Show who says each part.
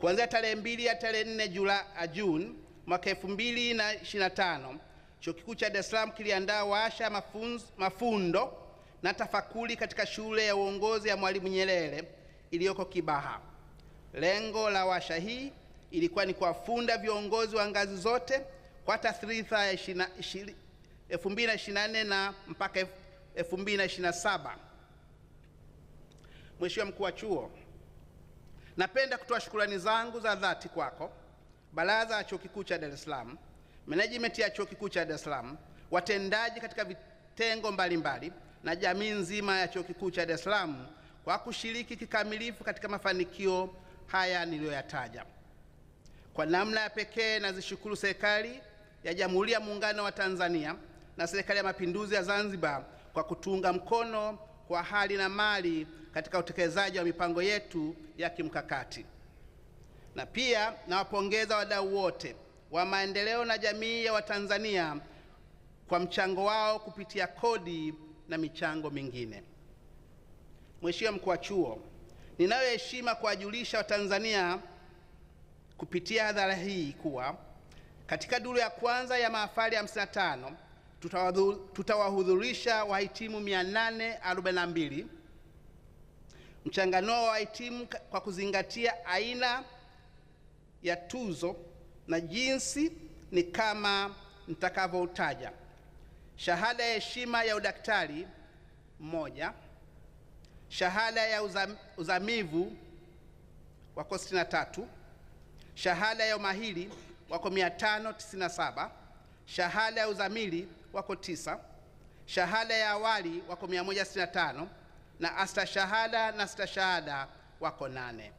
Speaker 1: Kuanzia tarehe mbili ya tarehe nne Jula, ah, Juni mwaka tano Chuo Kikuu cha Dar es Salaam kiliandaa waasha mafunzo, mafundo na tafakuri katika shule ya uongozi ya Mwalimu Nyerere iliyoko Kibaha. Lengo la washa hii ilikuwa ni kuwafunda viongozi wa ngazi zote kwa tathritha ya 2024 na mpaka 2027. Mheshimiwa Mkuu wa Chuo Napenda kutoa shukrani zangu za dhati kwako, baraza ya chuo kikuu cha Dar es Salaam, management ya chuo kikuu cha Dar es Salaam, watendaji katika vitengo mbalimbali mbali, na jamii nzima ya chuo kikuu cha Dar es Salaam kwa kushiriki kikamilifu katika mafanikio haya niliyoyataja. Kwa namna ya pekee nazishukuru serikali ya Jamhuri ya Muungano wa Tanzania na serikali ya Mapinduzi ya Zanzibar kwa kutunga mkono kwa hali na mali katika utekelezaji wa mipango yetu ya kimkakati. Na pia nawapongeza wadau wote wa maendeleo na jamii ya Watanzania kwa mchango wao kupitia kodi na michango mingine. Mheshimiwa mkuu wa chuo, ninayo heshima kuwajulisha Watanzania kupitia hadhara hii kuwa katika duru ya kwanza ya mahafali 55 tutawahudhurisha wahitimu 842 mchanganuo wa wahitimu kwa kuzingatia aina ya tuzo na jinsi ni kama nitakavyoutaja: shahada ya heshima ya udaktari moja, shahada ya uzam, uzamivu wako 63, shahada ya umahiri wako 597, shahada ya uzamili wako tisa, shahada ya awali wako 165 na astashahada na stashahada wako nane.